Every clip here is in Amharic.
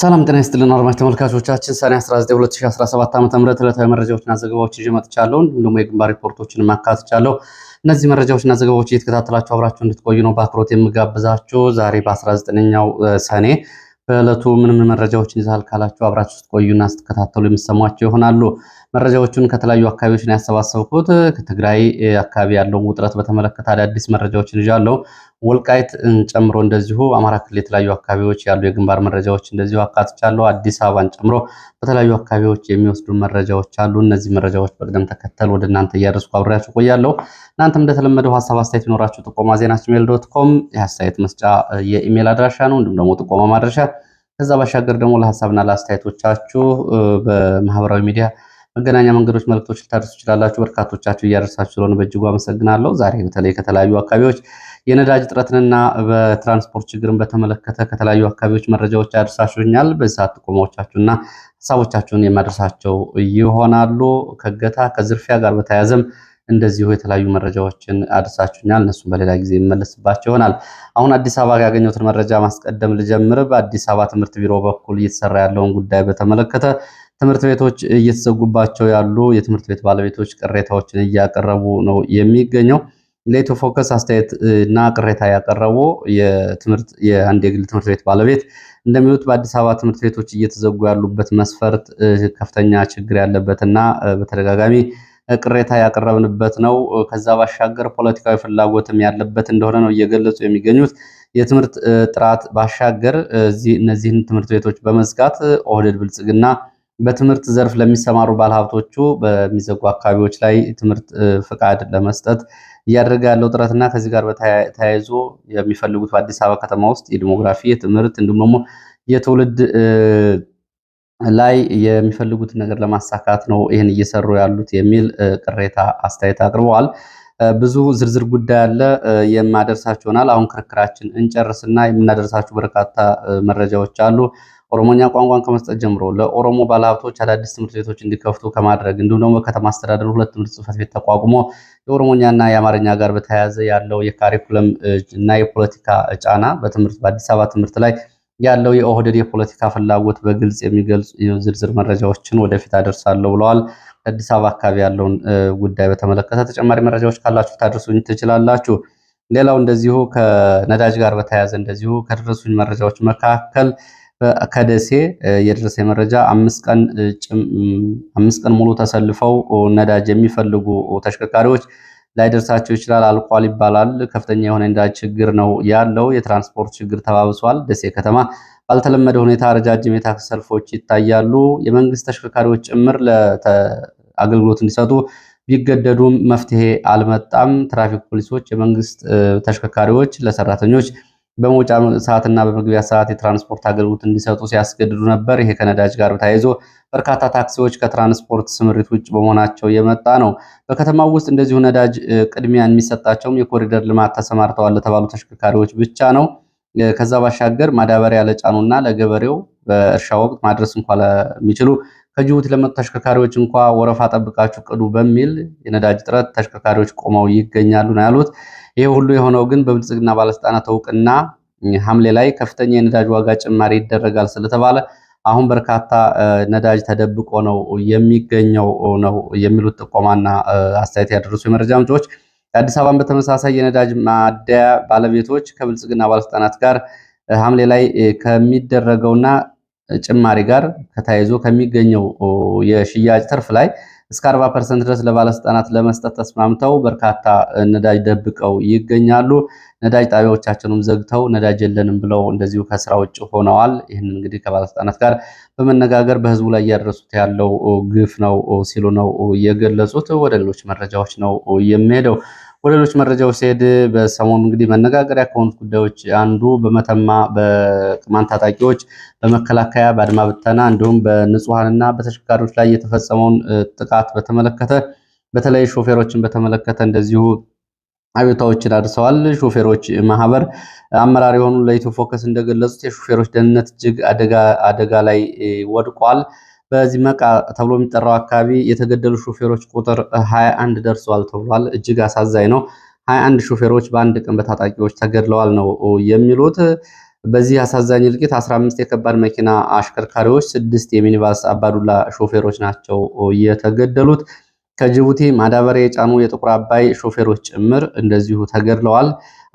ሰላም ጤና ይስጥልን አድማጭ ተመልካቾቻችን ሰኔ 19 2017 ዓ ም ዕለታዊ መረጃዎችና ዘገባዎች ይዤ መጥቻለሁ። እንዲሁም ደግሞ የግንባር ሪፖርቶችን ማካትቻለሁ። እነዚህ መረጃዎችና ዘገባዎች እየተከታተላችሁ አብራችሁ እንድትቆዩ ነው በአክብሮት የምጋብዛችሁ። ዛሬ በ19ኛው ሰኔ በዕለቱ ምንም መረጃዎችን ይዛል ካላችሁ አብራችሁ ስትቆዩና ስትከታተሉ የምሰሟቸው ይሆናሉ። መረጃዎቹን ከተለያዩ አካባቢዎች ነው ያሰባሰብኩት። ከትግራይ አካባቢ ያለውን ውጥረት በተመለከተ አዳዲስ መረጃዎችን ይዣለሁ። ወልቃይት ጨምሮ እንደዚሁ አማራ ክልል የተለያዩ አካባቢዎች ያሉ የግንባር መረጃዎች እንደዚሁ አካትቻለሁ። አዲስ አበባን ጨምሮ በተለያዩ አካባቢዎች የሚወስዱ መረጃዎች አሉ። እነዚህ መረጃዎች በቅደም ተከተል ወደ እናንተ እያደረስኩ አብሬያችሁ ቆያለሁ። እናንተም እንደተለመደው ሀሳብ አስተያየት ይኖራችሁ ጥቆማ ዜና ጂሜል ዶት ኮም የአስተያየት መስጫ የኢሜል አድራሻ ነው፣ እንዲሁም ደግሞ ጥቆማ ማድረሻ። ከዛ ባሻገር ደግሞ ለሀሳብና ለአስተያየቶቻችሁ በማህበራዊ ሚዲያ መገናኛ መንገዶች መልእክቶች ልታደርሱ ይችላላችሁ። በርካቶቻችሁ እያደረሳችሁ ስለሆነ በእጅጉ አመሰግናለሁ። ዛሬ በተለይ ከተለያዩ አካባቢዎች የነዳጅ እጥረትንና በትራንስፖርት ችግርን በተመለከተ ከተለያዩ አካባቢዎች መረጃዎች ያደርሳችሁኛል። በዚህ ሰዓት ጥቆማዎቻችሁና ሀሳቦቻችሁን የማደርሳቸው ይሆናሉ። ከገታ ከዝርፊያ ጋር በተያያዘም እንደዚሁ የተለያዩ መረጃዎችን አድርሳችሁኛል። እነሱም በሌላ ጊዜ የሚመለስባቸው ይሆናል። አሁን አዲስ አበባ ያገኘሁትን መረጃ ማስቀደም ልጀምር። በአዲስ አበባ ትምህርት ቢሮ በኩል እየተሰራ ያለውን ጉዳይ በተመለከተ ትምህርት ቤቶች እየተዘጉባቸው ያሉ የትምህርት ቤት ባለቤቶች ቅሬታዎችን እያቀረቡ ነው የሚገኘው። ለኢትዮ ፎከስ አስተያየት እና ቅሬታ ያቀረቡ የአንድ የግል ትምህርት ቤት ባለቤት እንደሚሉት በአዲስ አበባ ትምህርት ቤቶች እየተዘጉ ያሉበት መስፈርት ከፍተኛ ችግር ያለበትና በተደጋጋሚ ቅሬታ ያቀረብንበት ነው። ከዛ ባሻገር ፖለቲካዊ ፍላጎትም ያለበት እንደሆነ ነው እየገለጹ የሚገኙት። የትምህርት ጥራት ባሻገር እነዚህን ትምህርት ቤቶች በመዝጋት ኦህደድ ብልጽግና በትምህርት ዘርፍ ለሚሰማሩ ባለሀብቶቹ በሚዘጉ አካባቢዎች ላይ ትምህርት ፍቃድ ለመስጠት እያደረገ ያለው ጥረትና ከዚህ ጋር ተያይዞ የሚፈልጉት በአዲስ አበባ ከተማ ውስጥ የዲሞግራፊ የትምህርት እንዲሁም ደግሞ የትውልድ ላይ የሚፈልጉት ነገር ለማሳካት ነው ይህን እየሰሩ ያሉት የሚል ቅሬታ አስተያየት አቅርበዋል። ብዙ ዝርዝር ጉዳይ አለ የማደርሳችሁ ይሆናል። አሁን ክርክራችን እንጨርስና የምናደርሳችሁ በርካታ መረጃዎች አሉ። ኦሮሞኛ ቋንቋን ከመስጠት ጀምሮ ለኦሮሞ ባለሀብቶች አዳዲስ ትምህርት ቤቶች እንዲከፍቱ ከማድረግ እንዲሁም ደግሞ ከተማ አስተዳደሩ ሁለት ትምህርት ጽሕፈት ቤት ተቋቁሞ የኦሮሞኛና የአማርኛ ጋር በተያያዘ ያለው የካሪኩለም እና የፖለቲካ ጫና በትምህርት በአዲስ አበባ ትምህርት ላይ ያለው የኦህደድ የፖለቲካ ፍላጎት በግልጽ የሚገልጽ ዝርዝር መረጃዎችን ወደፊት አደርሳለሁ ብለዋል። አዲስ አበባ አካባቢ ያለውን ጉዳይ በተመለከተ ተጨማሪ መረጃዎች ካላችሁ ታደርሱኝ ትችላላችሁ። ሌላው እንደዚሁ ከነዳጅ ጋር በተያያዘ እንደዚሁ ከደረሱኝ መረጃዎች መካከል ከደሴ የደረሰ መረጃ አምስት ቀን ሙሉ ተሰልፈው ነዳጅ የሚፈልጉ ተሽከርካሪዎች ላይደርሳቸው ይችላል፣ አልቋል ይባላል። ከፍተኛ የሆነ ነዳጅ ችግር ነው ያለው። የትራንስፖርት ችግር ተባብሷል። ደሴ ከተማ ባልተለመደ ሁኔታ ረጃጅም የታክሲ ሰልፎች ይታያሉ። የመንግስት ተሽከርካሪዎች ጭምር ለአገልግሎት እንዲሰጡ ቢገደዱም መፍትሄ አልመጣም። ትራፊክ ፖሊሶች የመንግስት ተሽከርካሪዎች ለሰራተኞች በመውጫ ሰዓትና በመግቢያ ሰዓት የትራንስፖርት አገልግሎት እንዲሰጡ ሲያስገድዱ ነበር። ይሄ ከነዳጅ ጋር ተያይዞ በርካታ ታክሲዎች ከትራንስፖርት ስምሪት ውጭ በመሆናቸው የመጣ ነው። በከተማው ውስጥ እንደዚሁ ነዳጅ ቅድሚያ የሚሰጣቸውም የኮሪደር ልማት ተሰማርተዋል ለተባሉ ተሽከርካሪዎች ብቻ ነው። ከዛ ባሻገር ማዳበሪያ ለጫኑና ለገበሬው በእርሻ ወቅት ማድረስ እንኳ ለሚችሉ ከጅቡቲ ለመጡ ተሽከርካሪዎች እንኳ ወረፋ ጠብቃችሁ ቅዱ በሚል የነዳጅ እጥረት ተሽከርካሪዎች ቆመው ይገኛሉ ነው ያሉት። ይህ ሁሉ የሆነው ግን በብልጽግና ባለስልጣናት እውቅና ሐምሌ ላይ ከፍተኛ የነዳጅ ዋጋ ጭማሪ ይደረጋል ስለተባለ አሁን በርካታ ነዳጅ ተደብቆ ነው የሚገኘው ነው የሚሉት ጥቆማና አስተያየት ያደረሱ የመረጃ ምንጮች አዲስ አበባን በተመሳሳይ የነዳጅ ማደያ ባለቤቶች ከብልጽግና ባለስልጣናት ጋር ሐምሌ ላይ ከሚደረገውና ጭማሪ ጋር ተያይዞ ከሚገኘው የሽያጭ ትርፍ ላይ እስከ 40% ድረስ ለባለስልጣናት ለመስጠት ተስማምተው በርካታ ነዳጅ ደብቀው ይገኛሉ። ነዳጅ ጣቢያዎቻቸውንም ዘግተው ነዳጅ የለንም ብለው እንደዚሁ ከስራ ውጭ ሆነዋል። ይህን እንግዲህ ከባለስልጣናት ጋር በመነጋገር በህዝቡ ላይ እያደረሱት ያለው ግፍ ነው ሲሉ ነው የገለጹት። ወደ ሌሎች መረጃዎች ነው የሚሄደው። ወደ ሌሎች መረጃዎች ሲሄድ በሰሞኑ እንግዲህ መነጋገሪያ ከሆኑት ጉዳዮች አንዱ በመተማ በቅማን ታጣቂዎች በመከላከያ በአድማ ብተና እንዲሁም በንጹሐንና በተሽከርካሪዎች ላይ የተፈጸመውን ጥቃት በተመለከተ በተለይ ሾፌሮችን በተመለከተ እንደዚሁ አቤቱታዎችን አድርሰዋል። ሾፌሮች ማህበር አመራር የሆኑ ለኢትዮ ፎከስ እንደገለጹት የሾፌሮች ደህንነት እጅግ አደጋ ላይ ወድቋል። በዚህ መቃ ተብሎ የሚጠራው አካባቢ የተገደሉ ሹፌሮች ቁጥር 21 ደርሷል ተብሏል። እጅግ አሳዛኝ ነው። 21 ሹፌሮች በአንድ ቀን በታጣቂዎች ተገድለዋል ነው የሚሉት። በዚህ አሳዛኝ እልቂት 15 የከባድ መኪና አሽከርካሪዎች፣ ስድስት የሚኒባስ አባዱላ ሹፌሮች ናቸው የተገደሉት። ከጅቡቲ ማዳበሪያ የጫኑ የጥቁር አባይ ሹፌሮች ጭምር እንደዚሁ ተገድለዋል።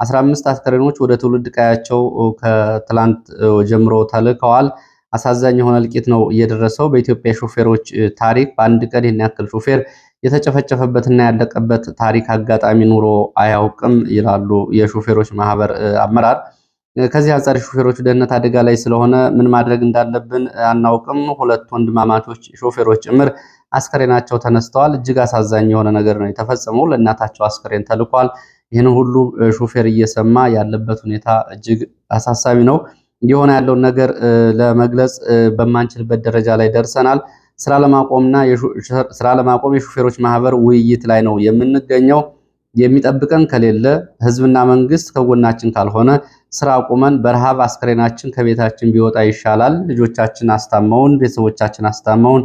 15 አስከሬኖች ወደ ትውልድ ቀያቸው ከትላንት ጀምሮ ተልከዋል። አሳዛኝ የሆነ እልቂት ነው እየደረሰው በኢትዮጵያ ሾፌሮች ታሪክ በአንድ ቀን ይህን ያክል ሾፌር የተጨፈጨፈበትና ያለቀበት ታሪክ አጋጣሚ ኑሮ አያውቅም ይላሉ የሾፌሮች ማህበር አመራር። ከዚህ አንጻር የሾፌሮቹ ደህንነት አደጋ ላይ ስለሆነ ምን ማድረግ እንዳለብን አናውቅም። ሁለት ወንድማማቾች ሾፌሮች ጭምር አስከሬናቸው ተነስተዋል። እጅግ አሳዛኝ የሆነ ነገር ነው የተፈጸመው። ለእናታቸው አስከሬን ተልኳል። ይህን ሁሉ ሾፌር እየሰማ ያለበት ሁኔታ እጅግ አሳሳቢ ነው። እየሆነ ያለውን ነገር ለመግለጽ በማንችልበት ደረጃ ላይ ደርሰናል። ስራ ለማቆምና ስራ ለማቆም የሹፌሮች ማህበር ውይይት ላይ ነው የምንገኘው። የሚጠብቀን ከሌለ ህዝብና መንግስት ከጎናችን ካልሆነ ስራ አቁመን በረሃብ አስከሬናችን ከቤታችን ቢወጣ ይሻላል፣ ልጆቻችን አስታመውን፣ ቤተሰቦቻችን አስታመውን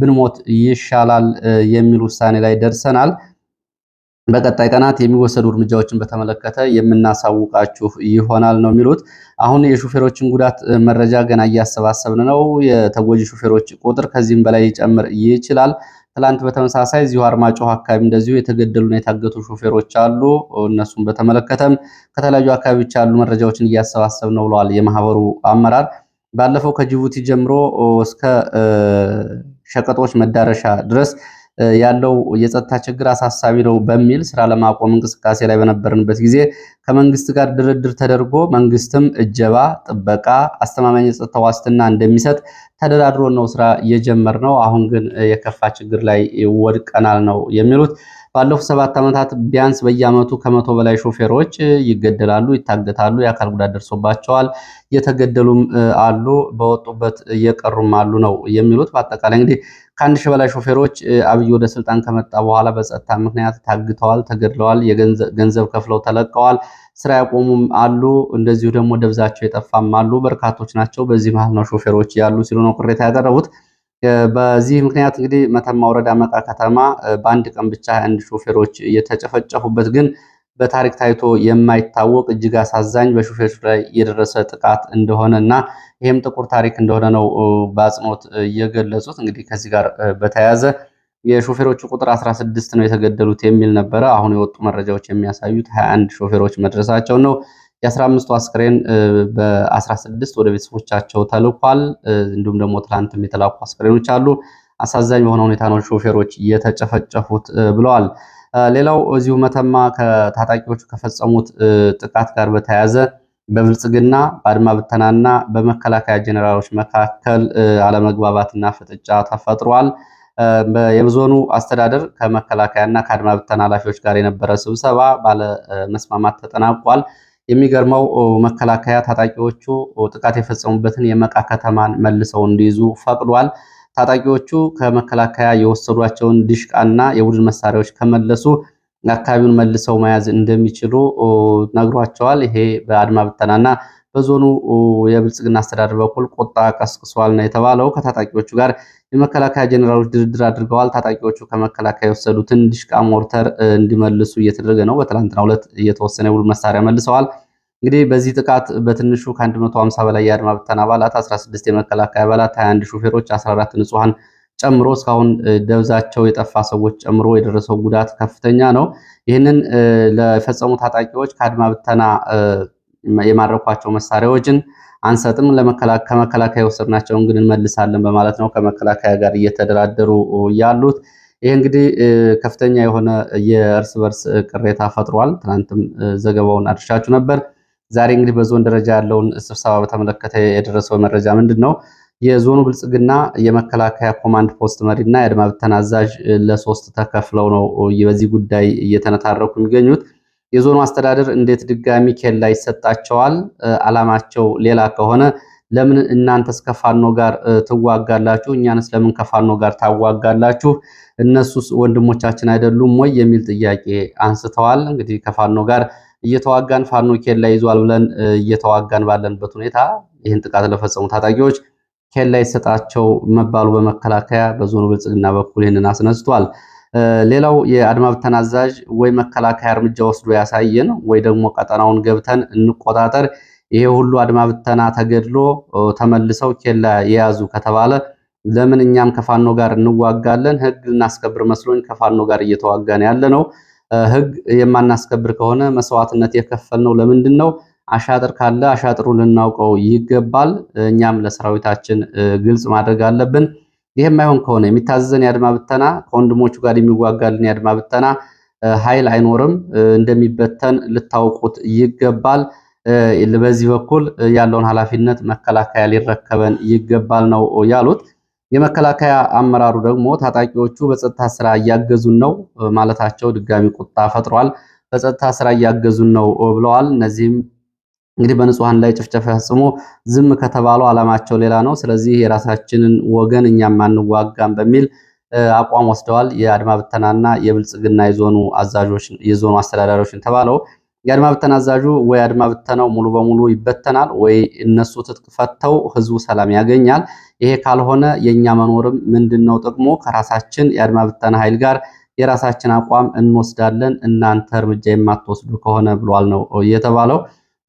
ብንሞት ይሻላል የሚል ውሳኔ ላይ ደርሰናል። በቀጣይ ቀናት የሚወሰዱ እርምጃዎችን በተመለከተ የምናሳውቃችሁ ይሆናል ነው የሚሉት። አሁን የሹፌሮችን ጉዳት መረጃ ገና እያሰባሰብን ነው። የተጎጂ ሹፌሮች ቁጥር ከዚህም በላይ ሊጨምር ይችላል። ትላንት በተመሳሳይ እዚሁ አርማጭሆ አካባቢ እንደዚሁ የተገደሉና የታገቱ ሾፌሮች አሉ። እነሱም በተመለከተም ከተለያዩ አካባቢዎች ያሉ መረጃዎችን እያሰባሰብ ነው ብለዋል የማህበሩ አመራር። ባለፈው ከጅቡቲ ጀምሮ እስከ ሸቀጦች መዳረሻ ድረስ ያለው የጸጥታ ችግር አሳሳቢ ነው በሚል ስራ ለማቆም እንቅስቃሴ ላይ በነበርንበት ጊዜ ከመንግስት ጋር ድርድር ተደርጎ መንግስትም እጀባ፣ ጥበቃ፣ አስተማማኝ የጸጥታ ዋስትና እንደሚሰጥ ተደራድሮ ነው ስራ እየጀመር ነው። አሁን ግን የከፋ ችግር ላይ ወድቀናል ነው የሚሉት። ባለፉት ሰባት ዓመታት ቢያንስ በየዓመቱ ከመቶ በላይ ሾፌሮች ይገደላሉ፣ ይታገታሉ፣ የአካል ጉዳት ደርሶባቸዋል፣ የተገደሉም አሉ፣ በወጡበት እየቀሩም አሉ ነው የሚሉት። በአጠቃላይ እንግዲህ ከአንድ ሺህ በላይ ሾፌሮች አብይ ወደ ስልጣን ከመጣ በኋላ በጸጥታ ምክንያት ታግተዋል፣ ተገድለዋል፣ ገንዘብ ከፍለው ተለቀዋል፣ ስራ ያቆሙም አሉ፣ እንደዚሁ ደግሞ ደብዛቸው የጠፋም አሉ። በርካቶች ናቸው። በዚህ መሀል ነው ሾፌሮች ያሉ ሲሉ ነው ቅሬታ ያቀረቡት። በዚህ ምክንያት እንግዲህ መተማ ወረዳ መቃ ከተማ በአንድ ቀን ብቻ አንድ ሾፌሮች የተጨፈጨፉበት ግን በታሪክ ታይቶ የማይታወቅ እጅግ አሳዛኝ በሾፌሮች ላይ የደረሰ ጥቃት እንደሆነ እና ይህም ጥቁር ታሪክ እንደሆነ ነው በአጽንኦት እየገለጹት። እንግዲህ ከዚህ ጋር በተያያዘ የሾፌሮቹ ቁጥር 16 ነው የተገደሉት የሚል ነበረ። አሁን የወጡ መረጃዎች የሚያሳዩት 21 ሾፌሮች መድረሳቸው ነው። የ15ቱ አስክሬን በ16 ወደ ቤተሰቦቻቸው ተልኳል። እንዲሁም ደግሞ ትላንትም የተላኩ አስክሬኖች አሉ። አሳዛኝ በሆነ ሁኔታ ነው ሾፌሮች እየተጨፈጨፉት ብለዋል። ሌላው እዚሁ መተማ ከታጣቂዎቹ ከፈጸሙት ጥቃት ጋር በተያያዘ በብልጽግና በአድማ ብተናና በመከላከያ ጀኔራሎች መካከል አለመግባባትና ፍጥጫ ተፈጥሯል። የዞኑ አስተዳደር ከመከላከያና ከአድማ ብተና ኃላፊዎች ጋር የነበረ ስብሰባ ባለመስማማት ተጠናቋል። የሚገርመው መከላከያ ታጣቂዎቹ ጥቃት የፈጸሙበትን የመቃ ከተማን መልሰው እንዲይዙ ፈቅዷል። ታጣቂዎቹ ከመከላከያ የወሰዷቸውን ዲሽቃና የቡድን መሳሪያዎች ከመለሱ አካባቢውን መልሰው መያዝ እንደሚችሉ ነግሯቸዋል። ይሄ በአድማ ብተናና በዞኑ የብልጽግና አስተዳደር በኩል ቁጣ ቀስቅሷል ነው የተባለው። ከታጣቂዎቹ ጋር የመከላከያ ጀኔራሎች ድርድር አድርገዋል። ታጣቂዎቹ ከመከላከያ የወሰዱትን ዲሽቃ፣ ሞርተር እንዲመልሱ እየተደረገ ነው። በትላንትና ሁለት የተወሰነ የቡድን መሳሪያ መልሰዋል። እንግዲህ በዚህ ጥቃት በትንሹ ከ150 በላይ የአድማ ብተና አባላት፣ 16 የመከላከያ አባላት፣ 21 ሹፌሮች፣ 14 ንጹሐን ጨምሮ እስካሁን ደብዛቸው የጠፋ ሰዎች ጨምሮ የደረሰው ጉዳት ከፍተኛ ነው። ይህንን ለፈጸሙ ታጣቂዎች ከአድማ ብተና የማረኳቸው መሳሪያዎችን አንሰጥም፣ ከመከላከያ የወሰድናቸውን ግን እንመልሳለን በማለት ነው ከመከላከያ ጋር እየተደራደሩ ያሉት። ይህ እንግዲህ ከፍተኛ የሆነ የእርስ በርስ ቅሬታ ፈጥሯል። ትናንትም ዘገባውን አድርሻችሁ ነበር። ዛሬ እንግዲህ በዞን ደረጃ ያለውን ስብሰባ በተመለከተ የደረሰው መረጃ ምንድን ነው? የዞኑ ብልጽግና የመከላከያ ኮማንድ ፖስት መሪና የአድማ ብተና አዛዥ ለሶስት ተከፍለው ነው በዚህ ጉዳይ እየተነታረኩ የሚገኙት። የዞኑ አስተዳደር እንዴት ድጋሚ ኬላ ይሰጣቸዋል? አላማቸው ሌላ ከሆነ ለምን እናንተስ ከፋኖ ጋር ትዋጋላችሁ? እኛንስ ለምን ከፋኖ ጋር ታዋጋላችሁ? እነሱስ ወንድሞቻችን አይደሉም ወይ የሚል ጥያቄ አንስተዋል። እንግዲህ ከፋኖ ጋር እየተዋጋን ፋኖ ኬላ ይዟል ብለን እየተዋጋን ባለንበት ሁኔታ ይህን ጥቃት ለፈጸሙ ታጣቂዎች ኬላ ይሰጣቸው መባሉ በመከላከያ በዞኑ ብልጽግና በኩል ይህንን አስነስቷል። ሌላው የአድማ ብተና አዛዥ ወይ መከላከያ እርምጃ ወስዶ ያሳየን ወይ ደግሞ ቀጠናውን ገብተን እንቆጣጠር። ይሄ ሁሉ አድማ ብተና ተገድሎ ተመልሰው ኬላ የያዙ ከተባለ ለምን እኛም ከፋኖ ጋር እንዋጋለን? ህግ ልናስከብር መስሎኝ ከፋኖ ጋር እየተዋጋን ያለ ነው። ህግ የማናስከብር ከሆነ መስዋዕትነት የከፈልነው ለምንድን ነው? አሻጥር ካለ አሻጥሩ ልናውቀው ይገባል። እኛም ለሰራዊታችን ግልጽ ማድረግ አለብን። ይህ የማይሆን ከሆነ የሚታዘዘን የአድማ ብተና ከወንድሞቹ ጋር የሚዋጋልን የአድማ ብተና ኃይል አይኖርም፣ እንደሚበተን ልታውቁት ይገባል። በዚህ በኩል ያለውን ኃላፊነት መከላከያ ሊረከበን ይገባል ነው ያሉት። የመከላከያ አመራሩ ደግሞ ታጣቂዎቹ በጸጥታ ስራ እያገዙን ነው ማለታቸው ድጋሚ ቁጣ ፈጥሯል። በጸጥታ ስራ እያገዙን ነው ብለዋል። እነዚህም እንግዲህ በንጹሐን ላይ ጭፍጨፋ ፈጽሞ ዝም ከተባለው ዓላማቸው ሌላ ነው። ስለዚህ የራሳችንን ወገን እኛም አንዋጋም በሚል አቋም ወስደዋል። የአድማ ብተናና የብልጽግና የዞኑ አዛዦች የዞኑ አስተዳዳሪዎችን ተባለው የአድማ ብተና አዛዡ ወይ አድማ ብተናው ሙሉ በሙሉ ይበተናል ወይ እነሱ ትጥቅ ፈተው ህዝቡ ሰላም ያገኛል። ይሄ ካልሆነ የእኛ መኖርም ምንድን ነው ጥቅሙ? ከራሳችን የአድማ ብተና ኃይል ጋር የራሳችን አቋም እንወስዳለን እናንተ እርምጃ የማትወስዱ ከሆነ ብሏል ነው የተባለው።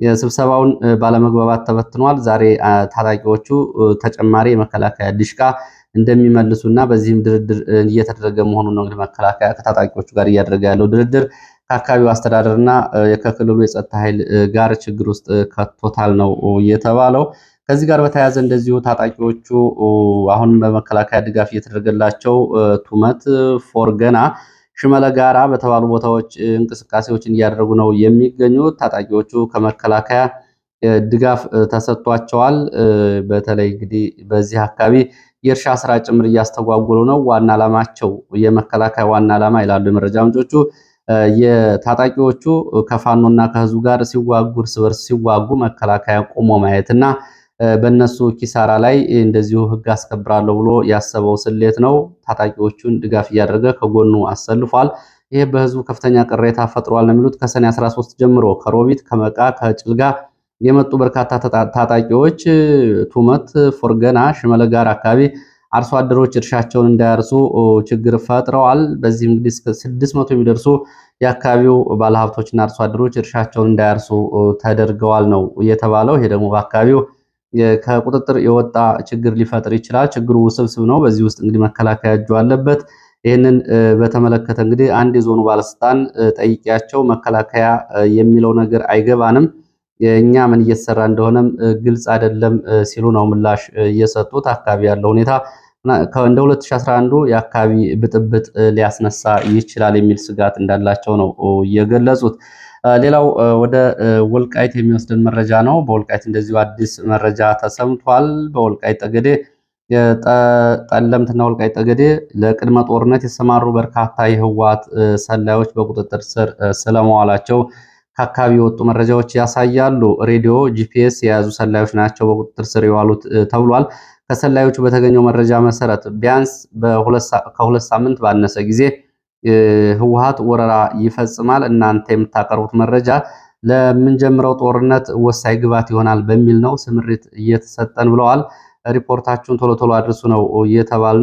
የስብሰባውን ባለመግባባት ተበትኗል። ዛሬ ታጣቂዎቹ ተጨማሪ የመከላከያ እንደሚመልሱ እንደሚመልሱና በዚህም ድርድር እየተደረገ መሆኑን ነው እንግዲህ መከላከያ ከታጣቂዎቹ ጋር እያደረገ ያለው ድርድር ከአካባቢው እና ከክልሉ የጸጥታ ኃይል ጋር ችግር ውስጥ ከቶታል ነው የተባለው። ከዚህ ጋር በተያያዘ እንደዚሁ ታጣቂዎቹ አሁንም በመከላከያ ድጋፍ እየተደረገላቸው ቱመት ፎርገና ሽመለ ጋራ በተባሉ ቦታዎች እንቅስቃሴዎችን እያደረጉ ነው የሚገኙት። ታጣቂዎቹ ከመከላከያ ድጋፍ ተሰጥቷቸዋል። በተለይ እንግዲህ በዚህ አካባቢ የእርሻ ስራ ጭምር እያስተጓጎሉ ነው። ዋና ዓላማቸው የመከላከያ ዋና ዓላማ ይላሉ የመረጃ ምንጮቹ የታጣቂዎቹ ከፋኖና ከህዝቡ ጋር ሲዋጉ እርስ በርስ ሲዋጉ መከላከያ ቆሞ ማየትና በእነሱ ኪሳራ ላይ እንደዚሁ ህግ አስከብራለሁ ብሎ ያሰበው ስሌት ነው። ታጣቂዎቹን ድጋፍ እያደረገ ከጎኑ አሰልፏል። ይህ በህዝቡ ከፍተኛ ቅሬታ ፈጥሯል ነው የሚሉት። ከሰኔ 13 ጀምሮ ከሮቢት፣ ከመቃ፣ ከጭልጋ የመጡ በርካታ ታጣቂዎች ቱመት፣ ፎርገና፣ ሽመለጋር አካባቢ አርሶ አደሮች እርሻቸውን እንዳያርሱ ችግር ፈጥረዋል። በዚህም እንግዲህ እስከ 600 የሚደርሱ የአካባቢው ባለሀብቶችና አርሶ አደሮች እርሻቸውን እንዳያርሱ ተደርገዋል ነው የተባለው። ይሄ ደግሞ በአካባቢው ከቁጥጥር የወጣ ችግር ሊፈጥር ይችላል። ችግሩ ውስብስብ ነው። በዚህ ውስጥ እንግዲህ መከላከያ እጁ አለበት። ይህንን በተመለከተ እንግዲህ አንድ የዞኑ ባለስልጣን ጠይቂያቸው መከላከያ የሚለው ነገር አይገባንም፣ እኛ ምን እየተሰራ እንደሆነም ግልጽ አይደለም ሲሉ ነው ምላሽ እየሰጡት። አካባቢ ያለው ሁኔታ እንደ 2011 የአካባቢ ብጥብጥ ሊያስነሳ ይችላል የሚል ስጋት እንዳላቸው ነው የገለጹት። ሌላው ወደ ወልቃይት የሚወስደን መረጃ ነው። በወልቃይት እንደዚሁ አዲስ መረጃ ተሰምቷል። በወልቃይት ጠገዴ ጠለምትና ወልቃይት ጠገዴ ለቅድመ ጦርነት የተሰማሩ በርካታ የህወሓት ሰላዮች በቁጥጥር ስር ስለመዋላቸው ከአካባቢ የወጡ መረጃዎች ያሳያሉ። ሬዲዮ፣ ጂፒኤስ የያዙ ሰላዮች ናቸው በቁጥጥር ስር የዋሉት ተብሏል። ከሰላዮቹ በተገኘው መረጃ መሰረት ቢያንስ ከሁለት ሳምንት ባነሰ ጊዜ ህወሓት ወረራ ይፈጽማል፣ እናንተ የምታቀርቡት መረጃ ለምንጀምረው ጦርነት ወሳኝ ግብዓት ይሆናል በሚል ነው ስምሪት እየተሰጠን ብለዋል። ሪፖርታችሁን ቶሎ ቶሎ አድርሱ ነው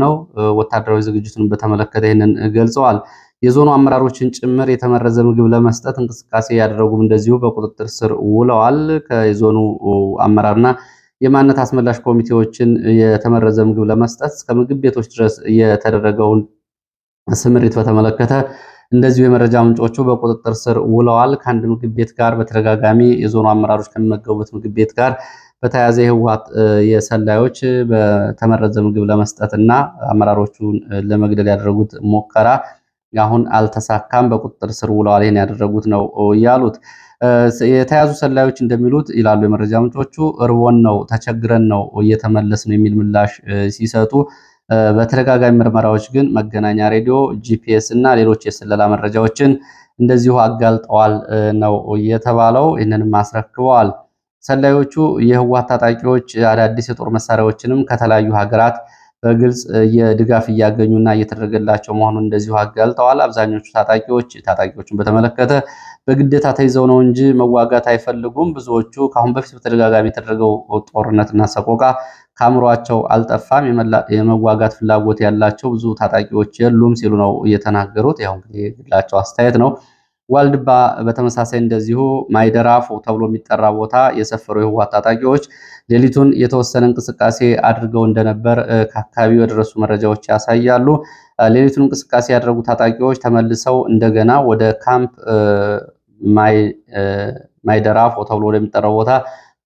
ነው። ወታደራዊ ዝግጅቱን በተመለከተ ይህንን ገልጸዋል። የዞኑ አመራሮችን ጭምር የተመረዘ ምግብ ለመስጠት እንቅስቃሴ ያደረጉም እንደዚሁ በቁጥጥር ስር ውለዋል። ከዞኑ አመራርና የማንነት አስመላሽ ኮሚቴዎችን የተመረዘ ምግብ ለመስጠት እስከ ምግብ ቤቶች ድረስ የተደረገውን ስምሪት በተመለከተ እንደዚሁ የመረጃ ምንጮቹ በቁጥጥር ስር ውለዋል። ከአንድ ምግብ ቤት ጋር በተደጋጋሚ የዞኑ አመራሮች ከሚመገቡት ምግብ ቤት ጋር በተያያዘ የህወሓት የሰላዮች በተመረዘ ምግብ ለመስጠት እና አመራሮቹን ለመግደል ያደረጉት ሙከራ አሁን አልተሳካም፣ በቁጥጥር ስር ውለዋል። ይህን ያደረጉት ነው ያሉት። የተያዙ ሰላዮች እንደሚሉት ይላሉ የመረጃ ምንጮቹ፣ እርቦን ነው ተቸግረን ነው እየተመለስ ነው የሚል ምላሽ ሲሰጡ በተደጋጋሚ ምርመራዎች ግን መገናኛ ሬዲዮ፣ ጂፒኤስ እና ሌሎች የስለላ መረጃዎችን እንደዚሁ አጋልጠዋል ነው የተባለው። ይህንንም አስረክበዋል። ሰላዮቹ የህዋት ታጣቂዎች አዳዲስ የጦር መሳሪያዎችንም ከተለያዩ ሀገራት በግልጽ የድጋፍ እያገኙና እየተደረገላቸው መሆኑን እንደዚሁ አጋልጠዋል። አብዛኞቹ ታጣቂዎች ታጣቂዎቹን በተመለከተ በግዴታ ተይዘው ነው እንጂ መዋጋት አይፈልጉም። ብዙዎቹ ከአሁን በፊት በተደጋጋሚ የተደረገው ጦርነትና ሰቆቃ ከአእምሯቸው አልጠፋም። የመዋጋት ፍላጎት ያላቸው ብዙ ታጣቂዎች የሉም ሲሉ ነው እየተናገሩት። ያው እንግዲህ የግላቸው አስተያየት ነው። ዋልድባ በተመሳሳይ እንደዚሁ ማይደራፎ ተብሎ የሚጠራ ቦታ የሰፈሩ የህወሓት ታጣቂዎች ሌሊቱን የተወሰነ እንቅስቃሴ አድርገው እንደነበር ከአካባቢው የደረሱ መረጃዎች ያሳያሉ። ሌሊቱን እንቅስቃሴ ያደረጉ ታጣቂዎች ተመልሰው እንደገና ወደ ካምፕ ማይደራፎ ተብሎ ወደሚጠራው ቦታ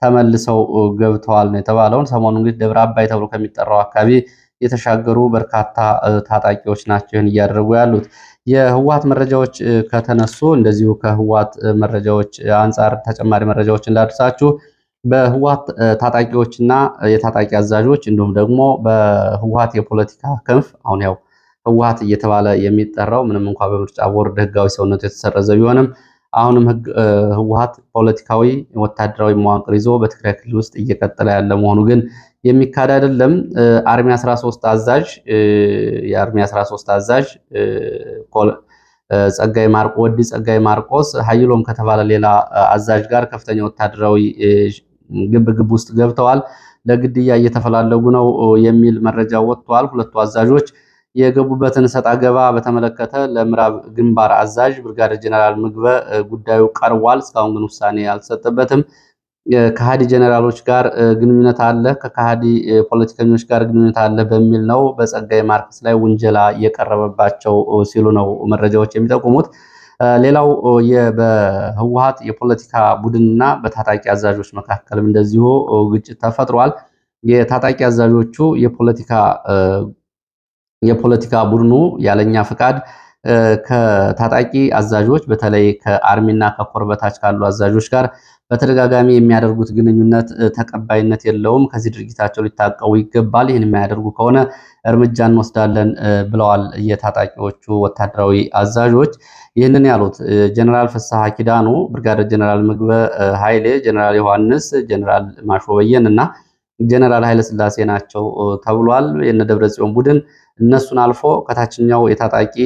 ተመልሰው ገብተዋል ነው የተባለውን። ሰሞኑ እንግዲህ ደብረ አባይ ተብሎ ከሚጠራው አካባቢ የተሻገሩ በርካታ ታጣቂዎች ናቸው ይህን እያደረጉ ያሉት። የህወሓት መረጃዎች ከተነሱ እንደዚሁ ከህወሓት መረጃዎች አንጻር ተጨማሪ መረጃዎች እንዳደርሳችሁ በህወሓት ታጣቂዎችና የታጣቂ አዛዦች እንዲሁም ደግሞ በህወሓት የፖለቲካ ክንፍ አሁን ያው ህወሀት እየተባለ የሚጠራው ምንም እንኳ በምርጫ ቦርድ ህጋዊ ሰውነቱ የተሰረዘ ቢሆንም አሁንም ህወሀት ፖለቲካዊ ወታደራዊ መዋቅር ይዞ በትግራይ ክልል ውስጥ እየቀጠለ ያለ መሆኑ ግን የሚካድ አይደለም። አርሚ 13 አዛዥ የአርሚ 13 አዛዥ ጸጋይ ማርቆ ወዲ ጸጋይ ማርቆስ ሀይሎም ከተባለ ሌላ አዛዥ ጋር ከፍተኛ ወታደራዊ ግብግብ ውስጥ ገብተዋል፣ ለግድያ እየተፈላለጉ ነው የሚል መረጃ ወጥቷል። ሁለቱ አዛዦች የገቡበትን ሰጣ አገባ በተመለከተ ለምዕራብ ግንባር አዛዥ ብርጋዴር ጀነራል ምግበ ጉዳዩ ቀርቧል። እስካሁን ግን ውሳኔ አልተሰጠበትም። ከሃዲ ጀነራሎች ጋር ግንኙነት አለ፣ ከካሃዲ ፖለቲከኞች ጋር ግንኙነት አለ በሚል ነው በጸጋይ ማርክስ ላይ ውንጀላ የቀረበባቸው ሲሉ ነው መረጃዎች የሚጠቁሙት። ሌላው በህወሀት የፖለቲካ ቡድንና በታጣቂ አዛዦች መካከልም እንደዚሁ ግጭት ተፈጥሯል። የታጣቂ አዛዦቹ የፖለቲካ የፖለቲካ ቡድኑ ያለኛ ፍቃድ ከታጣቂ አዛዦች በተለይ ከአርሚና ከኮር በታች ካሉ አዛዦች ጋር በተደጋጋሚ የሚያደርጉት ግንኙነት ተቀባይነት የለውም። ከዚህ ድርጊታቸው ሊታቀቡ ይገባል። ይህን የሚያደርጉ ከሆነ እርምጃ እንወስዳለን ብለዋል የታጣቂዎቹ ወታደራዊ አዛዦች። ይህንን ያሉት ጀኔራል ፍስሐ ኪዳኑ፣ ብርጋደር ጀኔራል ምግበ ኃይሌ፣ ጀኔራል ዮሐንስ፣ ጀኔራል ማሾ በየን እና ጀኔራል ኃይለስላሴ ናቸው ተብሏል። የነ ጽዮን ቡድን እነሱን አልፎ ከታችኛው የታጣቂ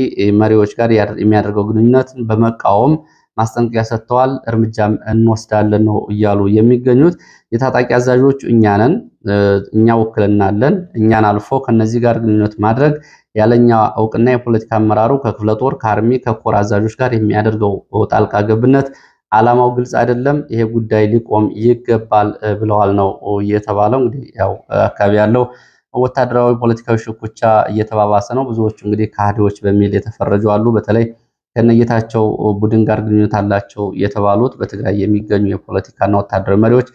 መሪዎች ጋር የሚያደርገው ግንኙነትን በመቃወም ማስጠንቀቂያ ሰጥተዋል። እርምጃም እንወስዳለን ነው እያሉ የሚገኙት። የታጣቂ አዛዦቹ እኛ ነን፣ እኛ ውክልና አለን። እኛን አልፎ ከነዚህ ጋር ግንኙነት ማድረግ ያለኛ እውቅና የፖለቲካ አመራሩ ከክፍለ ጦር፣ ከአርሚ፣ ከኮር አዛዦች ጋር የሚያደርገው ጣልቃ ገብነት ዓላማው ግልጽ አይደለም። ይሄ ጉዳይ ሊቆም ይገባል ብለዋል ነው እየተባለው እንግዲህ ያው አካባቢ ያለው ወታደራዊ፣ ፖለቲካዊ ሽኩቻ እየተባባሰ ነው። ብዙዎቹ እንግዲህ ካህዲዎች በሚል የተፈረጁ አሉ። በተለይ ከነጌታቸው ቡድን ጋር ግንኙነት አላቸው የተባሉት በትግራይ የሚገኙ የፖለቲካና ወታደራዊ መሪዎች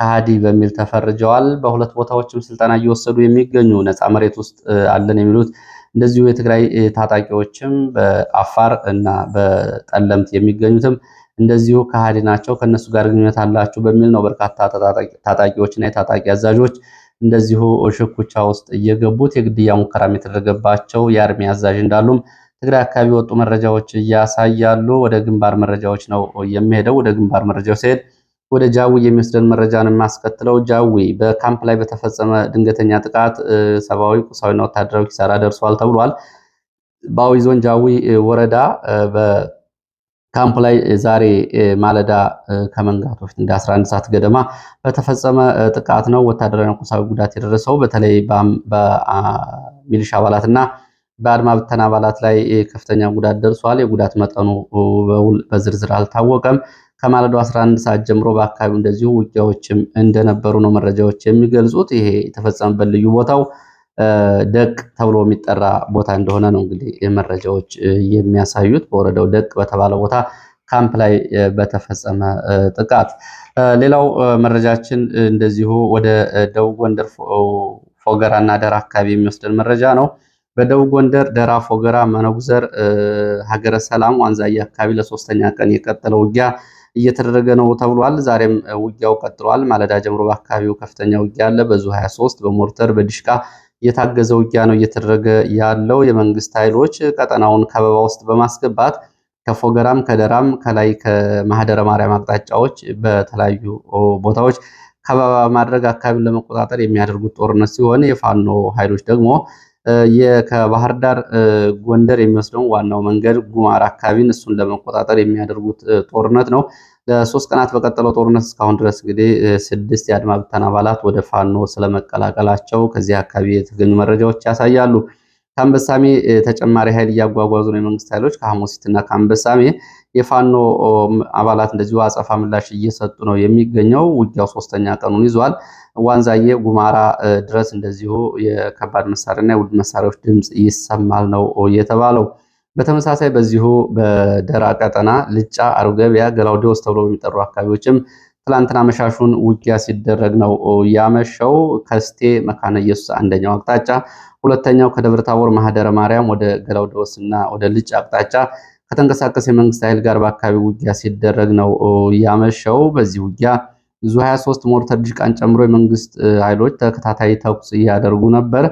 ከሃዲ በሚል ተፈርጀዋል። በሁለት ቦታዎችም ስልጠና እየወሰዱ የሚገኙ ነፃ መሬት ውስጥ አለን የሚሉት እንደዚሁ የትግራይ ታጣቂዎችም በአፋር እና በጠለምት የሚገኙትም እንደዚሁ ከሃዲ ናቸው፣ ከእነሱ ጋር ግንኙነት አላችሁ በሚል ነው በርካታ ታጣቂዎችና የታጣቂ አዛዦች እንደዚሁ ሽኩቻ ውስጥ እየገቡት የግድያ ሙከራም የተደረገባቸው የአርሚ አዛዥ እንዳሉም ትግራይ አካባቢ የወጡ መረጃዎች እያሳያሉ። ወደ ግንባር መረጃዎች ነው የሚሄደው። ወደ ግንባር መረጃው ሲሄድ ወደ ጃዊ የሚወስደን መረጃን የሚያስከትለው ጃዊ በካምፕ ላይ በተፈጸመ ድንገተኛ ጥቃት ሰብአዊ፣ ቁሳዊና ወታደራዊ ኪሳራ ደርሷል ተብሏል። በአዊ ዞን ጃዊ ወረዳ ካምፕ ላይ ዛሬ ማለዳ ከመንጋት በፊት እንደ 11 ሰዓት ገደማ በተፈጸመ ጥቃት ነው ወታደራዊ ቁሳዊ ጉዳት የደረሰው። በተለይ በሚሊሻ እና በአድማ ብተና አባላት ላይ ከፍተኛ ጉዳት ደርሷል። የጉዳት መጠኑ በውል በዝርዝር አልታወቀም። ከማለዱ 11 ሰዓት ጀምሮ በአካባቢው እንደዚሁ ውጊያዎችም እንደነበሩ ነው መረጃዎች የሚገልጹት። ይሄ የተፈጸመበት ልዩ ቦታው ደቅ ተብሎ የሚጠራ ቦታ እንደሆነ ነው እንግዲህ መረጃዎች የሚያሳዩት በወረዳው ደቅ በተባለ ቦታ ካምፕ ላይ በተፈጸመ ጥቃት። ሌላው መረጃችን እንደዚሁ ወደ ደቡብ ጎንደር ፎገራ እና ደራ አካባቢ የሚወስደን መረጃ ነው። በደቡብ ጎንደር ደራ ፎገራ መነጉዘር ሀገረ ሰላም ዋንዛዬ አካባቢ ለሶስተኛ ቀን የቀጠለ ውጊያ እየተደረገ ነው ተብሏል። ዛሬም ውጊያው ቀጥሏል። ማለዳ ጀምሮ በአካባቢው ከፍተኛ ውጊያ አለ። በዙ 23 በሞርተር በዲሽቃ የታገዘ ውጊያ ነው እየተደረገ ያለው። የመንግስት ኃይሎች ቀጠናውን ከበባ ውስጥ በማስገባት ከፎገራም ከደራም ከላይ ከማህደረ ማርያም አቅጣጫዎች በተለያዩ ቦታዎች ከበባ ማድረግ አካባቢን ለመቆጣጠር የሚያደርጉት ጦርነት ሲሆን የፋኖ ኃይሎች ደግሞ ከባህር ዳር ጎንደር የሚወስደውን ዋናው መንገድ ጉማር አካባቢን እሱን ለመቆጣጠር የሚያደርጉት ጦርነት ነው። ለሶስት ቀናት በቀጠለው ጦርነት እስካሁን ድረስ እንግዲህ ስድስት የአድማ ብተና አባላት ወደ ፋኖ ስለመቀላቀላቸው ከዚህ አካባቢ የተገኙ መረጃዎች ያሳያሉ። ከአንበሳሜ ተጨማሪ ኃይል እያጓጓዙ ነው የመንግስት ኃይሎች። ከሐሙሲትና ከአንበሳሜ የፋኖ አባላት እንደዚሁ አጸፋ ምላሽ እየሰጡ ነው የሚገኘው። ውጊያው ሶስተኛ ቀኑን ይዟል። ዋንዛዬ ጉማራ ድረስ እንደዚሁ የከባድ መሳሪያና የውድ መሳሪያዎች ድምፅ ይሰማል ነው የተባለው። በተመሳሳይ በዚሁ በደራ ቀጠና ልጫ፣ አርብ ገበያ፣ ተብሎ በሚጠሩ አካባቢዎችም ትላንትና መሻሹን ውጊያ ሲደረግ ነው ያመሸው። ከስቴ መካነ ኢየሱስ አንደኛው አቅጣጫ፣ ሁለተኛው ከደብረ ታቦር ማህደረ ማርያም ወደ ገላውዲዮስ እና ወደ ልጫ አቅጣጫ ከተንቀሳቀስ የመንግስት ኃይል ጋር በአካባቢ ውጊያ ሲደረግ ነው ያመሸው። በዚህ ውጊያ ብዙ 23 ሞርተር ዲሽቃን ጨምሮ የመንግስት ኃይሎች ተከታታይ ተኩስ እያደረጉ ነበር።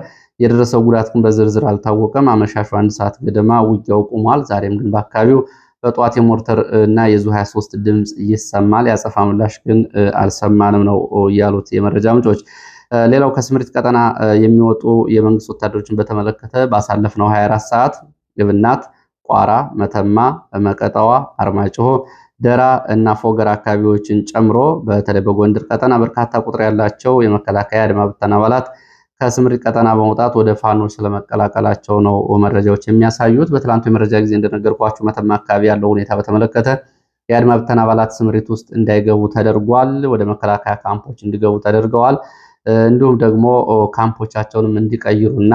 የደረሰው ጉዳት ግን በዝርዝር አልታወቀም። አመሻሹ አንድ ሰዓት ገደማ ውጊያው ቆሟል። ዛሬም ግን በአካባቢው በጠዋት የሞርተር እና የዙ 23 ድምፅ ይሰማል። ያጸፋ ምላሽ ግን አልሰማንም ነው ያሉት የመረጃ ምንጮች። ሌላው ከስምሪት ቀጠና የሚወጡ የመንግስት ወታደሮችን በተመለከተ ባሳለፍነው 24 ሰዓት ግብናት፣ ቋራ፣ መተማ፣ መቀጠዋ፣ አርማጭሆ፣ ደራ እና ፎገር አካባቢዎችን ጨምሮ በተለይ በጎንደር ቀጠና በርካታ ቁጥር ያላቸው የመከላከያ አድማ ብተና አባላት ከስምሪት ቀጠና በመውጣት ወደ ፋኖች ስለመቀላቀላቸው ነው መረጃዎች የሚያሳዩት። በትላንቱ የመረጃ ጊዜ እንደነገርኳችሁ መተማ አካባቢ ያለው ሁኔታ በተመለከተ የአድማ አባላት ስምሪት ውስጥ እንዳይገቡ ተደርጓል። ወደ መከላከያ ካምፖች እንዲገቡ ተደርገዋል። እንዲሁም ደግሞ ካምፖቻቸውንም እንዲቀይሩና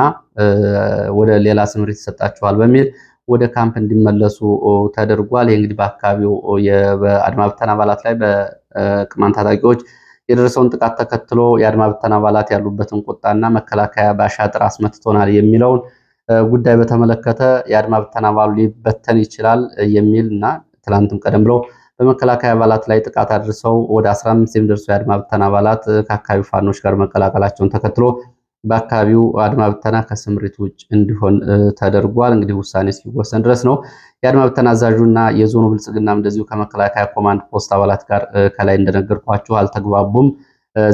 ወደ ሌላ ስምሪት ይሰጣቸዋል በሚል ወደ ካምፕ እንዲመለሱ ተደርጓል። ይህ እንግዲህ በአካባቢው በአድማ አባላት ላይ በቅማንት ታጣቂዎች የደረሰውን ጥቃት ተከትሎ የአድማ ብተና አባላት ያሉበትን ቁጣና መከላከያ በአሻጥር አስመትቶናል የሚለውን ጉዳይ በተመለከተ የአድማ ብተና አባሉ ሊበተን ይችላል የሚል እና ትላንትም ቀደም ብለው በመከላከያ አባላት ላይ ጥቃት አድርሰው ወደ 15 የሚደርሱ የአድማ ብተና አባላት ከአካባቢ ፋኖች ጋር መቀላቀላቸውን ተከትሎ በአካባቢው አድማ ብተና ከስምሪት ውጭ እንዲሆን ተደርጓል። እንግዲህ ውሳኔ እስኪወሰን ድረስ ነው። የአድማ ብተና አዛዡ እና የዞኑ ብልጽግናም እንደዚሁ ከመከላከያ ኮማንድ ፖስት አባላት ጋር ከላይ እንደነገርኳችሁ አልተግባቡም።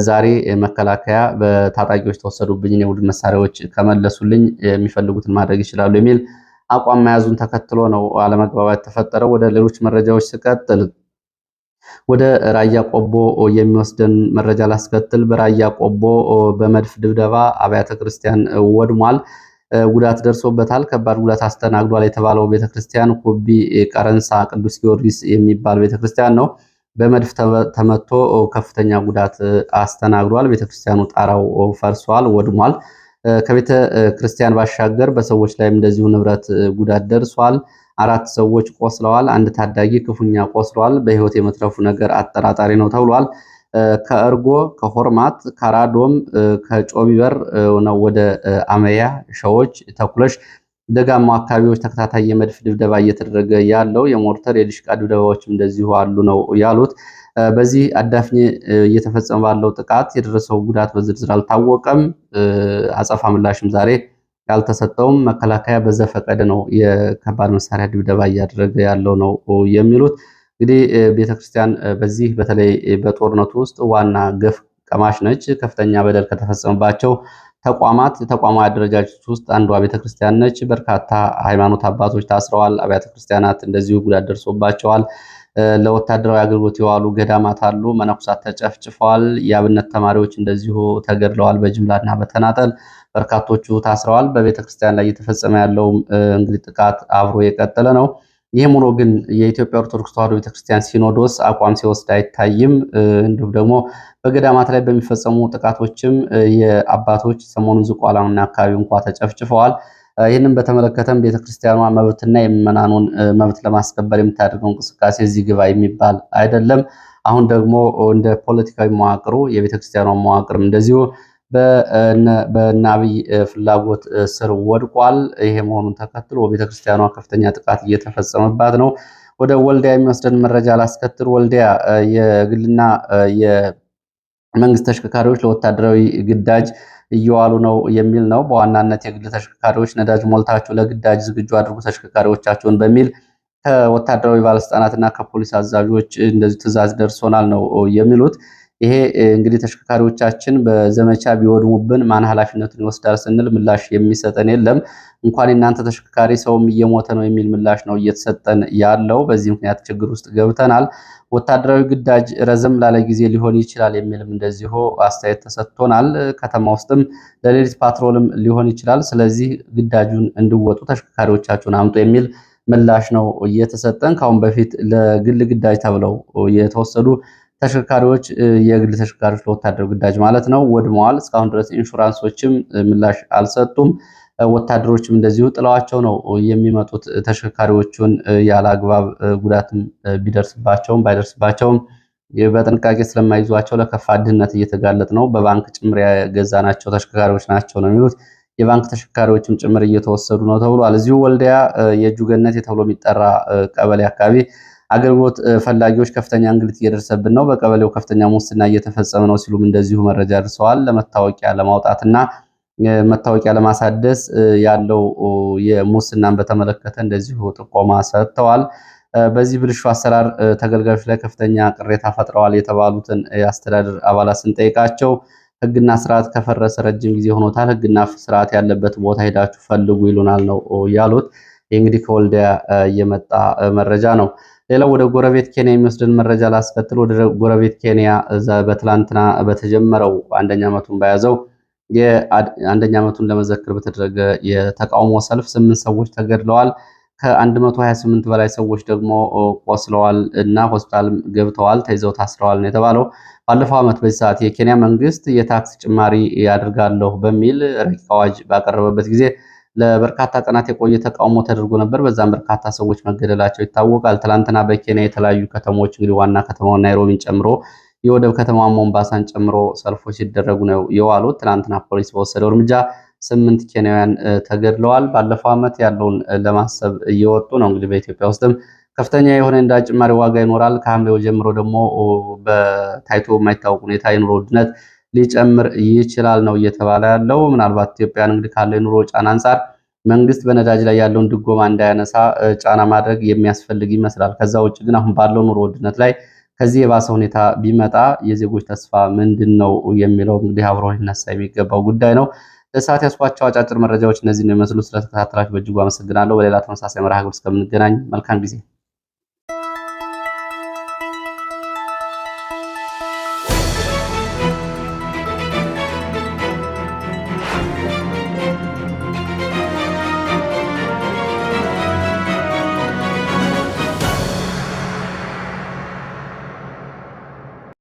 ዛሬ መከላከያ በታጣቂዎች ተወሰዱብኝን የቡድን መሳሪያዎች ከመለሱልኝ የሚፈልጉትን ማድረግ ይችላሉ የሚል አቋም መያዙን ተከትሎ ነው አለመግባባት የተፈጠረው። ወደ ሌሎች መረጃዎች ስቀጥል ወደ ራያ ቆቦ የሚወስደን መረጃ ላስከትል። በራያ ቆቦ በመድፍ ድብደባ አብያተ ክርስቲያን ወድሟል፣ ጉዳት ደርሶበታል። ከባድ ጉዳት አስተናግዷል የተባለው ቤተክርስቲያን ኩቢ ቀረንሳ ቅዱስ ጊዮርጊስ የሚባል ቤተክርስቲያን ነው። በመድፍ ተመቶ ከፍተኛ ጉዳት አስተናግዷል። ቤተክርስቲያኑ ጣራው ፈርሷል፣ ወድሟል። ከቤተ ክርስቲያን ባሻገር በሰዎች ላይም እንደዚሁ ንብረት ጉዳት ደርሷል። አራት ሰዎች ቆስለዋል። አንድ ታዳጊ ክፉኛ ቆስሏል። በህይወት የመትረፉ ነገር አጠራጣሪ ነው ተብሏል። ከእርጎ ከሆርማት ከራዶም ከጮቢበር ነው ወደ አመያ ሸዎች ተኩለሽ ደጋማ አካባቢዎች ተከታታይ የመድፍ ድብደባ እየተደረገ ያለው የሞርተር የድሽቃ ድብደባዎችም እንደዚሁ አሉ ነው ያሉት። በዚህ አዳፍኝ እየተፈጸመ ባለው ጥቃት የደረሰው ጉዳት በዝርዝር አልታወቀም። አጸፋ ምላሽም ዛሬ ያልተሰጠውም መከላከያ በዘፈቀደ ነው የከባድ መሳሪያ ድብደባ እያደረገ ያለው ነው የሚሉት እንግዲህ ቤተክርስቲያን በዚህ በተለይ በጦርነቱ ውስጥ ዋና ገፍ ቀማሽ ነች። ከፍተኛ በደል ከተፈጸመባቸው ተቋማት ተቋማዊ አደረጃጀት ውስጥ አንዷ ቤተክርስቲያን ነች። በርካታ ሃይማኖት አባቶች ታስረዋል። አብያተ ክርስቲያናት እንደዚሁ ጉዳት ደርሶባቸዋል። ለወታደራዊ አገልግሎት የዋሉ ገዳማት አሉ። መነኩሳት ተጨፍጭፈዋል። የአብነት ተማሪዎች እንደዚሁ ተገድለዋል በጅምላና በተናጠል በርካቶቹ ታስረዋል። በቤተ ክርስቲያን ላይ እየተፈጸመ ያለው እንግዲህ ጥቃት አብሮ የቀጠለ ነው። ይህም ሆኖ ግን የኢትዮጵያ ኦርቶዶክስ ተዋህዶ ቤተክርስቲያን ሲኖዶስ አቋም ሲወስድ አይታይም። እንዲሁም ደግሞ በገዳማት ላይ በሚፈጸሙ ጥቃቶችም የአባቶች ሰሞኑን ዝቋላምና አካባቢው እንኳ ተጨፍጭፈዋል። ይህንን በተመለከተም ቤተክርስቲያኗ መብትና የመናኑን መብት ለማስከበር የምታደርገው እንቅስቃሴ እዚህ ግባ የሚባል አይደለም። አሁን ደግሞ እንደ ፖለቲካዊ መዋቅሩ የቤተክርስቲያኗ መዋቅርም እንደዚሁ በናብይ ፍላጎት ስር ወድቋል። ይሄ መሆኑን ተከትሎ ቤተክርስቲያኗ ከፍተኛ ጥቃት እየተፈጸመባት ነው። ወደ ወልዲያ የሚወስደን መረጃ ላስከትል። ወልዲያ የግልና የመንግስት ተሽከርካሪዎች ለወታደራዊ ግዳጅ እየዋሉ ነው የሚል ነው። በዋናነት የግል ተሽከርካሪዎች ነዳጅ ሞልታችሁ ለግዳጅ ዝግጁ አድርጉ ተሽከርካሪዎቻችሁን በሚል ከወታደራዊ ባለስልጣናትና ከፖሊስ አዛዦች እንደዚህ ትእዛዝ ደርሶናል ነው የሚሉት። ይሄ እንግዲህ ተሽከርካሪዎቻችን በዘመቻ ቢወድሙብን ማን ኃላፊነቱን ይወስዳል ስንል ምላሽ የሚሰጠን የለም። እንኳን የእናንተ ተሽከርካሪ ሰውም እየሞተ ነው የሚል ምላሽ ነው እየተሰጠን ያለው። በዚህ ምክንያት ችግር ውስጥ ገብተናል። ወታደራዊ ግዳጅ ረዘም ላለ ጊዜ ሊሆን ይችላል የሚልም እንደዚሁ አስተያየት ተሰጥቶናል። ከተማ ውስጥም ለሌሊት ፓትሮልም ሊሆን ይችላል። ስለዚህ ግዳጁን እንዲወጡ ተሽከርካሪዎቻቸውን አምጡ የሚል ምላሽ ነው እየተሰጠን። ከአሁን በፊት ለግል ግዳጅ ተብለው የተወሰዱ ተሽከርካሪዎች የግል ተሽከርካሪዎች ለወታደር ግዳጅ ማለት ነው ወድመዋል። እስካሁን ድረስ ኢንሹራንሶችም ምላሽ አልሰጡም። ወታደሮችም እንደዚሁ ጥለዋቸው ነው የሚመጡት ተሽከርካሪዎቹን ያለ አግባብ ጉዳትም ቢደርስባቸውም ባይደርስባቸውም በጥንቃቄ ስለማይዟቸው ለከፋ ድህነት እየተጋለጥ ነው። በባንክ ጭምር ናቸው ተሽከርካሪዎች ናቸው ነው የሚሉት። የባንክ ተሽከርካሪዎችም ጭምር እየተወሰዱ ነው ተብሏል። እዚሁ ወልዲያ የእጁ ገነቴ የሚጠራ ቀበሌ አካባቢ አገልግሎት ፈላጊዎች ከፍተኛ እንግልት እየደረሰብን ነው፣ በቀበሌው ከፍተኛ ሙስና እየተፈጸመ ነው ሲሉም እንደዚሁ መረጃ ደርሰዋል። ለመታወቂያ ለማውጣትና መታወቂያ ለማሳደስ ያለው የሙስናን በተመለከተ እንደዚሁ ጥቆማ ሰጥተዋል። በዚህ ብልሹ አሰራር ተገልጋዮች ላይ ከፍተኛ ቅሬታ ፈጥረዋል የተባሉትን የአስተዳደር አባላት ስንጠይቃቸው ሕግና ስርዓት ከፈረሰ ረጅም ጊዜ ሆኖታል፣ ሕግና ስርዓት ያለበት ቦታ ሄዳችሁ ፈልጉ ይሉናል ነው ያሉት። እንግዲህ ከወልዲያ የመጣ መረጃ ነው። ሌላው ወደ ጎረቤት ኬንያ የሚወስድን መረጃ ላስከትል። ወደ ጎረቤት ኬንያ በትላንትና በተጀመረው አንደኛ ዓመቱን በያዘው የአንደኛ ዓመቱን ለመዘክር በተደረገ የተቃውሞ ሰልፍ ስምንት ሰዎች ተገድለዋል። ከ128 በላይ ሰዎች ደግሞ ቆስለዋል እና ሆስፒታል ገብተዋል፣ ተይዘው ታስረዋል ነው የተባለው። ባለፈው ዓመት በዚህ ሰዓት የኬንያ መንግስት የታክስ ጭማሪ ያደርጋለሁ በሚል ረቂቅ አዋጅ ባቀረበበት ጊዜ ለበርካታ ቀናት የቆየ ተቃውሞ ተደርጎ ነበር። በዛም በርካታ ሰዎች መገደላቸው ይታወቃል። ትላንትና በኬንያ የተለያዩ ከተሞች እንግዲህ ዋና ከተማውን ናይሮቢን ጨምሮ የወደብ ከተማ ሞምባሳን ጨምሮ ሰልፎች ሲደረጉ ነው የዋሉት። ትናንትና ፖሊስ በወሰደው እርምጃ ስምንት ኬንያውያን ተገድለዋል። ባለፈው ዓመት ያለውን ለማሰብ እየወጡ ነው። እንግዲህ በኢትዮጵያ ውስጥም ከፍተኛ የሆነ እንዳ ጭማሪ ዋጋ ይኖራል። ከሐምሌው ጀምሮ ደግሞ በታይቶ የማይታወቅ ሁኔታ የኑሮ ውድነት ሊጨምር ይችላል ነው እየተባለ ያለው። ምናልባት ኢትዮጵያን እንግዲህ ካለ የኑሮ ጫና አንጻር መንግስት በነዳጅ ላይ ያለውን ድጎማ እንዳያነሳ ጫና ማድረግ የሚያስፈልግ ይመስላል። ከዛ ውጭ ግን አሁን ባለው ኑሮ ውድነት ላይ ከዚህ የባሰ ሁኔታ ቢመጣ የዜጎች ተስፋ ምንድን ነው የሚለው እንግዲህ አብሮ ሊነሳ የሚገባው ጉዳይ ነው። ለሰዓት ያስኳቸው አጫጭር መረጃዎች እነዚህን የሚመስሉ። ስለተከታተላችሁ በእጅጉ አመሰግናለሁ። በሌላ ተመሳሳይ መርሃ ግብር እስከምንገናኝ መልካም ጊዜ